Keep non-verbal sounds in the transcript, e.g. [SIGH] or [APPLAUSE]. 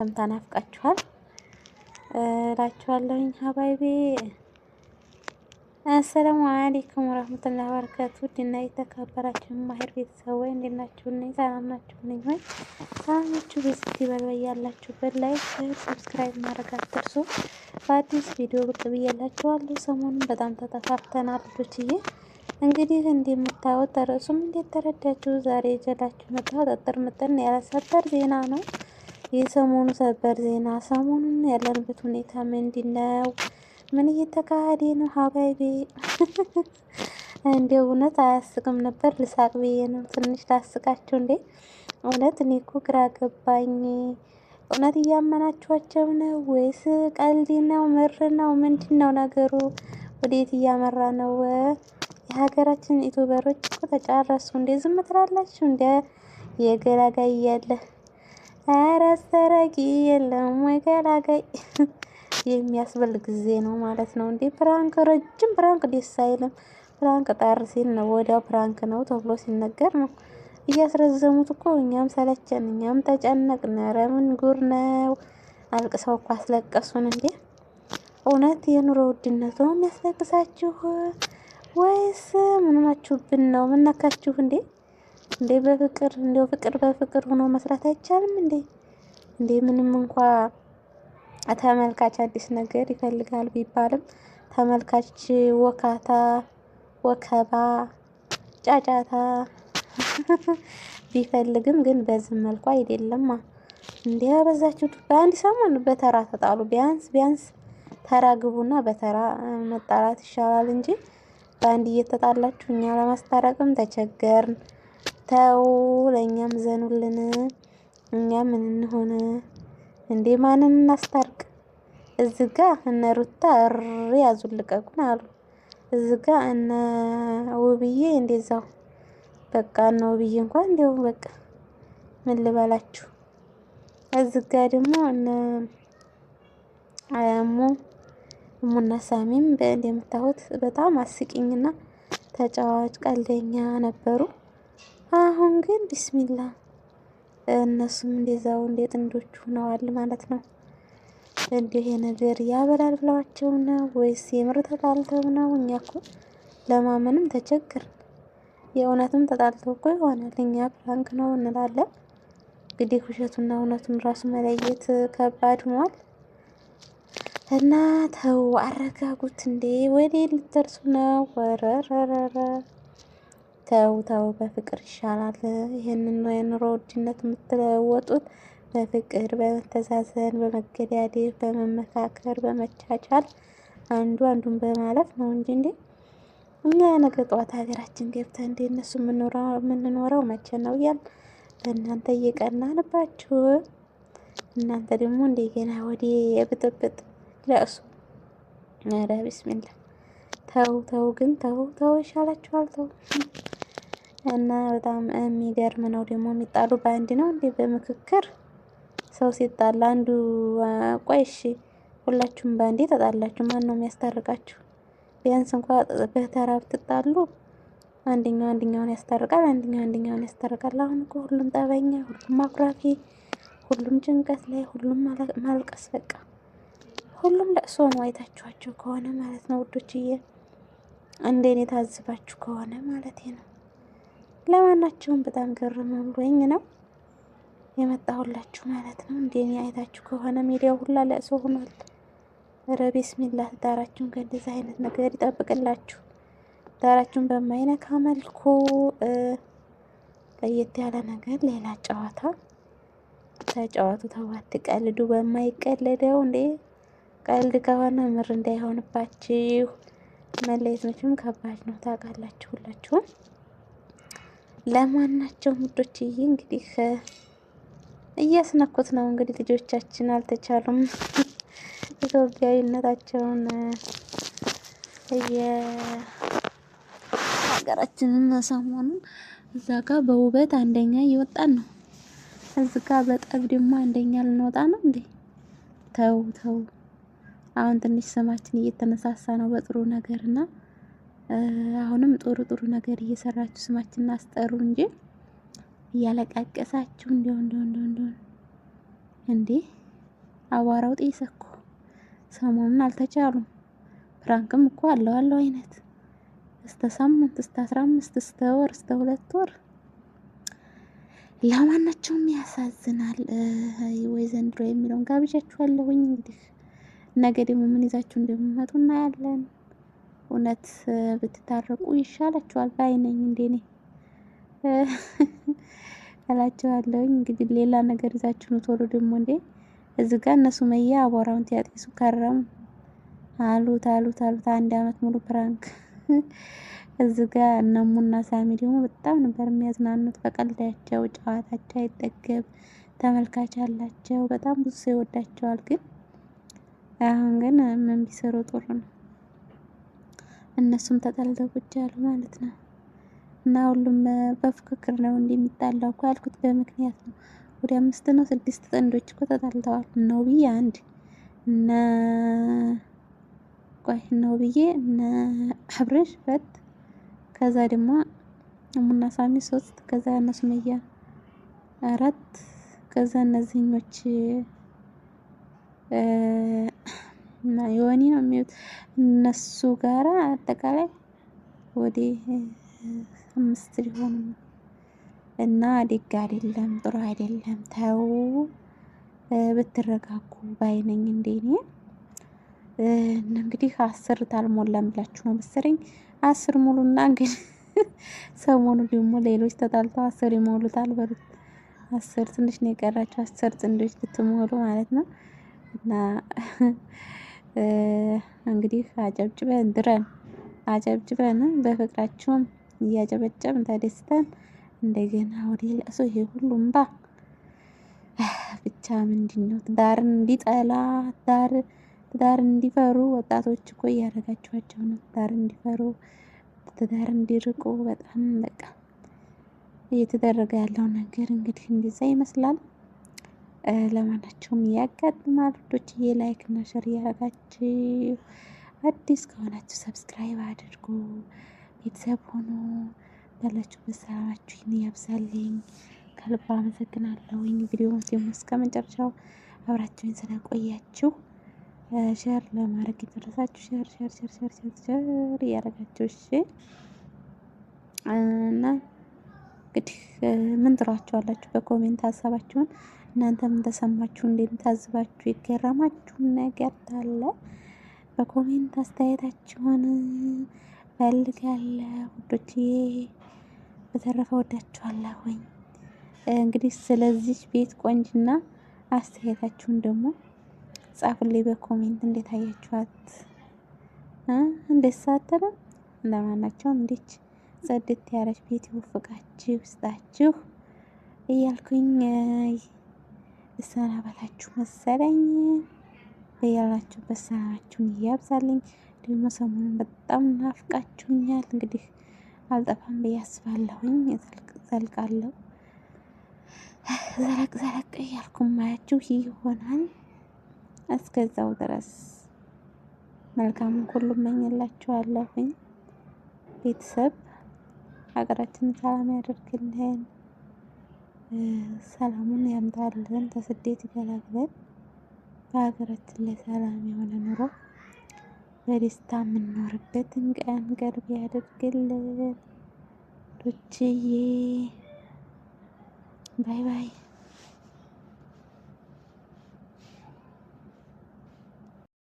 ሰምታ ናፍቃችኋል እላችኋለሁኝ ሀባይቤ። አሰላሙ አለይኩም ወራህመቱላሂ ወበረካቱ። ውድና የተከበራችሁ ማህር ቤተሰቦች እንዴት ናችሁ? እኔ ሰላም ናችሁ? ነኝ ወይ ሰላማችሁ ቤስቲ በልበይ ያላችሁበት ላይክ፣ ሰብስክራይብ ማድረግ አትርሱ። በአዲስ ቪዲዮ ብቅ ብያላችኋለሁ። ሰሞኑን በጣም ተጠፋፍተናል ልጆችዬ። እንግዲህ እንደምታዩት ርዕሱም ተረዳችሁ? ዛሬ ይዤላችሁ መጣሁ አጠር ምጥን ያለ ሰበር ዜና ነው። የሰሞኑ ሰበር ዜና። ሰሞኑን ያለንበት ሁኔታ ምንድን ነው? ምን እየተካሄደ ነው? ሀባይቤ [LAUGHS] እንደ እውነት አያስቅም ነበር። ልሳቅ ብዬ ነው ትንሽ ላስቃቸው እንዴ። እውነት እኔ እኮ ግራ ገባኝ። እውነት እያመናችኋቸው ነው ወይስ ቀልድ ነው? ምር ነው? ምንድን ነው ነገሩ? ወዴት እያመራ ነው? የሀገራችን ኢትዮበሮች እኮ ተጫረሱ እንዴ! ዝም ትላላችሁ እንደ የገላጋይ እያለ ኧረ የለም ወይ ገላጋይ [LAUGHS] የሚያስበል ጊዜ ነው ማለት ነው። እንዴ ፕራንክ፣ ረጅም ፕራንክ ደስ አይልም። ፕራንክ ጣር ሲል ነው ወዲያው ፕራንክ ነው ተብሎ ሲነገር ነው እያስረዘሙት እኮ። እኛም ሰለቸን፣ እኛም ተጨነቅን። ኧረ ምን ጉር ነው! አልቅሰው እኮ አስለቀሱን። እንዴ እውነት የኑሮ ውድነት ነው የሚያስለቅሳችሁ ወይስ ምንማችሁብን ነው? ምነካችሁ እንዴ? እንዴ በፍቅር እንዴ ፍቅር በፍቅር ሆኖ መስራት አይቻልም እንዴ? እንዴ ምንም እንኳ ተመልካች አዲስ ነገር ይፈልጋል ቢባልም ተመልካች ወካታ፣ ወከባ፣ ጫጫታ ቢፈልግም ግን በዚህ መልኩ አይደለም። እንዴ ያበዛችሁት። በአንድ ሰሞን በተራ ተጣሉ። ቢያንስ ቢያንስ ተራ ግቡና በተራ መጣላት ይሻላል እንጂ በአንድ እየተጣላችሁ እኛ ለማስታረቅም ተቸገርን። ተው ለእኛም ዘኑልን። እኛ ምን እንሆነ እንዴ? ማንን እናስታርቅ? እዚህ ጋ እነ ሩታ እሪ ያዙን ልቀቁን አሉ። እዚህ ጋ እነ ውብዬ እንደዛው በቃ እነ ውብዬ እንኳን እንዲሁ በቃ ምን ልበላችሁ። እዚህ ጋ ደግሞ እነ አያሙ እሙና ሳሚም እንደምታዩት በጣም አስቂኝና ተጫዋች ቀልደኛ ነበሩ። አሁን ግን ቢስሚላ እነሱም እንደዛው እንደ ጥንዶቹ ሆነዋል ማለት ነው። እንዲህ ነገር ያበላል ብለዋቸው ነው ወይስ የምር ተጣልተው ነው? እኛ እኮ ለማመንም ተቸግር የእውነትም ተጣልተው እኮ ይሆናል። እኛ ፕራንክ ነው እንላለን። እንግዲህ ውሸቱና እውነቱን ራሱ መለየት ከባድ ሆኗል። እና ተው አረጋጉት እንዴ! ወዴ ልትደርሱ ነው? ወረረረረ ከውተው በፍቅር ይሻላል። ይህንን ነው የኑሮ ውድነት የምትለወጡት በፍቅር፣ በመተዛዘን፣ በመገዳደል፣ በመመካከር፣ በመቻቻል አንዱ አንዱን በማለፍ ነው እንጂ እንዴ እኛ ነገ ጠዋት ሀገራችን ገብተን እንደ እነሱ የምንኖረው መቼ ነው እያል በእናንተ እየቀናንባችሁ እናንተ ደግሞ እንደገና ወደ የብጥብጥ ለእሱ ረ ቢስሚላ ተው ተው፣ ግን ተው ተው፣ ይሻላችኋል ተው። እና በጣም የሚገርም ነው። ደግሞ የሚጣሉ በአንድ ነው እንዴ? በምክክር ሰው ሲጣላ አንዱ ቆይ እሺ፣ ሁላችሁም በአንዴ ተጣላችሁ፣ ማን ነው የሚያስታርቃችሁ? ቢያንስ እንኳ በተራ ብትጣሉ አንደኛው አንደኛውን ያስታርቃል፣ አንደኛው አንደኛውን ያስታርቃል። አሁን እኮ ሁሉም ጠበኛ፣ ሁሉም አኩራፊ፣ ሁሉም ጭንቀት ላይ፣ ሁሉም ማልቀስ፣ በቃ ሁሉም ለቅሶ ነው። አይታችኋቸው ከሆነ ማለት ነው ውዶችዬ፣ እንደኔ ታዝባችሁ ከሆነ ማለት ነው። ለማናቸውም በጣም ግርም ብሎኝ ነው የመጣሁላችሁ ማለት ነው። እንደኔ አይታችሁ ከሆነ ሚዲያው ሁላ ለእሶ ሆኗል። ኧረ ቢስሚላ ዳራችሁን ከእንደዚህ አይነት ነገር ይጠብቅላችሁ። ዳራችሁን በማይነካ መልኩ ለየት ያለ ነገር፣ ሌላ ጨዋታ ተጫዋቱ ተዋት ቀልዱ በማይቀለደው እንዴ ቀልድ ከሆነ ምር እንዳይሆንባችሁ መለየት መቼም ከባድ ነው ታውቃላችሁ ሁላችሁም ለማናቸው ምዶችዬ እንግዲህ እያስነኩት ነው። እንግዲህ ልጆቻችን አልተቻሉም፣ ኢትዮጵያዊነታቸውን የሀገራችንን ሰሞኑን እዛ ጋ በውበት አንደኛ እየወጣን ነው፣ እዚህ ጋ በጠብ ደግሞ አንደኛ ልንወጣ ነው እንዴ! ተው ተው፣ አሁን ትንሽ ስማችን እየተነሳሳ ነው በጥሩ ነገር እና አሁንም ጥሩ ጥሩ ነገር እየሰራችሁ ስማችንን አስጠሩ እንጂ እያለቃቀሳችሁ እንዲሁ እንዲሁ እንዲሁ እንዲሁ እንዴ! አቧራው ጤሰ እኮ ሰሞኑን አልተቻሉም። ፕራንክም እኮ አለው አለው አይነት እስተ ሳምንት እስተ አስራ አምስት እስተ ወር እስተ ሁለት ወር ለማናቸውም ያሳዝናል። ወይ ዘንድሮ የሚለውን ጋብዣችኋለሁኝ። እንግዲህ ነገ ደግሞ ምን ይዛችሁ እንደሚመጡ እናያለን። እውነት ብትታረቁ ይሻላችኋል ባይ እንደኔ [LAUGHS] እላችኋለሁኝ። እንግዲህ ሌላ ነገር ይዛችሁ ነው ቶሎ ደግሞ እንዴ እዚህ ጋር እነሱ መያ አቧራውን ያጤሱ ከረሙ አሉት አሉት አሉት አንድ አመት ሙሉ ፕራንክ። [LAUGHS] እዚህ ጋር እነሙና ሳሚ ደግሞ በጣም ነበር የሚያዝናኑት በቀልዳቸው፣ ጨዋታቸው አይጠገብ ተመልካች አላቸው። በጣም ብዙ ሰው ይወዳቸዋል። ግን አሁን ግን ምን ቢሰሩ ጥሩ ነው? እነሱም ተጠልተው ቁጭ አሉ ማለት ነው። እና ሁሉም በፉክክር ነው እንዲህ የሚጣላው እኮ ያልኩት በምክንያት ነው። ወደ አምስት ነው ስድስት ጥንዶች እኮ ተጣልተዋል። ነው ብዬ አንድ እነ ቆይ ነው ብዬ እነ አብረሽ ሁለት ከዛ ደግሞ ሙና ሳሚ ሶስት ከዛ እነሱ መያ አራት ከዛ እነዚህኞች እና የወኒ ነው የሚሉት እነሱ ጋራ አጠቃላይ ወደ አምስት ሊሆኑ እና ደግ አይደለም፣ ጥሩ አይደለም። ተው ብትረጋጉ ባይነኝ እንደኔ እንግዲህ አስር ታልሞላም ብላችሁ ነው መሰለኝ አስር ሙሉና ግን [LAUGHS] ሰሞኑ ደግሞ ሌሎች ተጣልተው አስር ይሞሉታል በሉት። አስር ትንሽ ነው የቀራቸው። አስር ጥንዶች ብትሞሉ ማለት ነው እና እንግዲህ አጨብጭበን ድረን አጨብጭበን በፍቅራቸውም እያጨበጨብን ተደስተን እንደገና ወደ ለቅሶ ይሄ ሁሉ እምባ ብቻ ምንድን ነው ትዳርን እንዲጠላ ትዳር ትዳር እንዲፈሩ ወጣቶች እኮ እያደረጋችኋቸው ነው። ትዳር እንዲፈሩ ትዳር እንዲርቁ በጣም በቃ እየተደረገ ያለው ነገር እንግዲህ እንደዛ ይመስላል። ለማናቸውም ያጋጥማል። ዶችዬ ላይክ እና ሸር እያረጋችሁ አዲስ ከሆናችሁ ሰብስክራይብ አድርጉ። ቤተሰብ ሆኖ ባላችሁበት ሰላማችሁን ያብዛልኝ። ከልባ አመሰግናለሁኝ። ቪዲዮውን ሲሆን እስከ መጨረሻው አብራችሁን ስለቆያችሁ ሸር ለማድረግ የደረሳችሁ ሸር ሸር ሸር ሸር ሸር ሸር እያደረጋችሁ እሺ። እና እንግዲህ ምን ትሏችኋላችሁ? በኮሜንት ሀሳባችሁን እናንተም እንደሰማችሁ እንደምታዝባችሁ የገረማችሁን ነገር ታለ በኮሜንት አስተያየታችሁን ፈልጋለሁ። ውዶችዬ በተረፈ ወዳችኋለሁኝ። እንግዲህ ስለዚች ቤት ቆንጅና አስተያየታችሁን ደግሞ ጻፉልኝ በኮሜንት። እንዴት አያችኋት? እንዴት ሳተረም ለማናቸውም እንዴች ጸድት ያለች ቤት ይወፍቃችሁ ይስጣችሁ እያልኩኝ ልሰናበታችሁ መሰለኝ። ያላችሁበት ሰላማችሁን እያብዛልኝ። ደግሞ ሰሞኑን በጣም ናፍቃችሁኛል። እንግዲህ አልጠፋም ብዬ አስባለሁኝ። ዘልቃለሁ ዘለቅ ዘለቅ እያልኩ ማያችሁ ይሆናል። እስከዛው ድረስ መልካሙን ሁሉ እመኝላችኋለሁኝ። ቤተሰብ ሀገራችንን ሰላም ያደርግልን። ሰላሙን ያምጣልን። ተስደት ይገላግለን። በሀገራችን ላይ ሰላም የሆነ ኑሮ በደስታ የምንኖርበትን ቀን ቅርብ ያደርግልን። ዶችዬ ባይ ባይ።